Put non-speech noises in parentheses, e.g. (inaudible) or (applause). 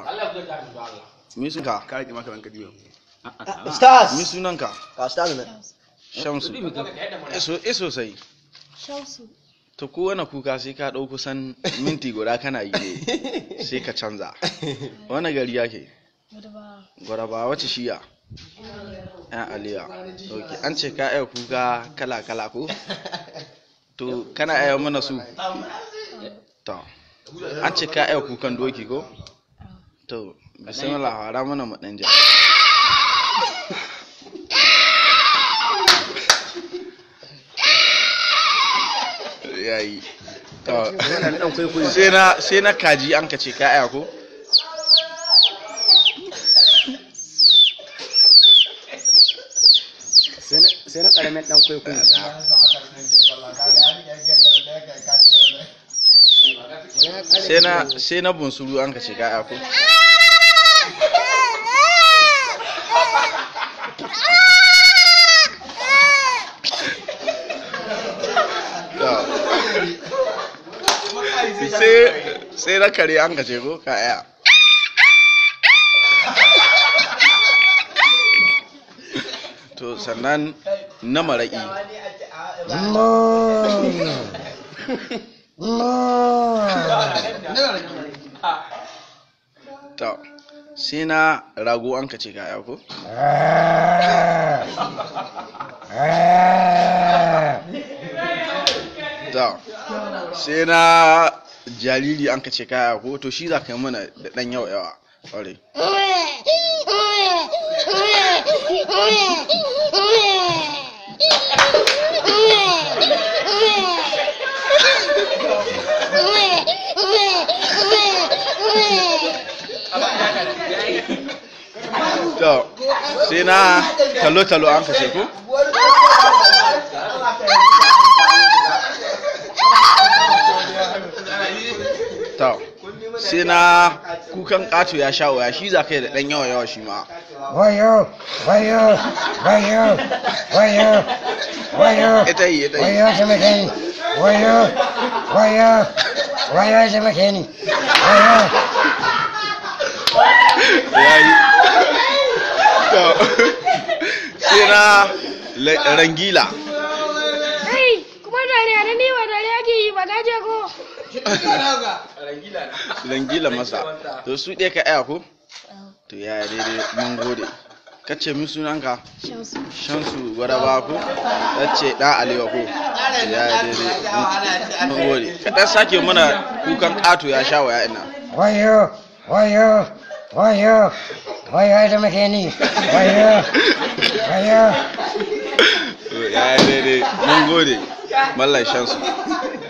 Allah ya da Allah me sunanka ka rike maka stars me sunanka ka stars ne shamsu eso eso sai shamsu to kowane kuka sai ka ɗau kusan minti guda kana yi ne (laughs) sai ka canza wani gari yake gwaraba wace shiya yan aliya ok an ce ka iya kuka kala kala ko to kana iya mana su to an ce ka iya kukan doki ko to bismillah fara mana mu dan (laughs) yayi sai na sai na kaji an ka ce ka aya ko sai na karamin dan kwaikwayo sai na bunsuru an ka ce ka ko ah! sai na kare an gaje ko ka aya to sannan na maraƙi to sai na rago an kace ka aya ko (laughs) sai na jariri an kace kaya ko to shi za ka yi mana da ɗan yawa yawa ƙware sai na talo-talo an ce ko? to sai na kukan kato ya sha waya shi za ka yi da ɗan yawa yawa shi ma wayo wayo wayo wayo wayo ita yi ita yi wayo shi muke ni wayo wayo wayo shi muke ni wayo (laughs) sai na rangila ba na je ko langila masa to su ɗaya ka aya ko to ya daidai mun gode ka ce min sunanka shansu ba ko ta ce ɗan alewa ko ya daidai mun gode ka ɗan sake mana kukan ƙato ya sha waya ina wayo wayo wayo wayo da muke ni wayo wayo ya daidai mun gode mallan shansu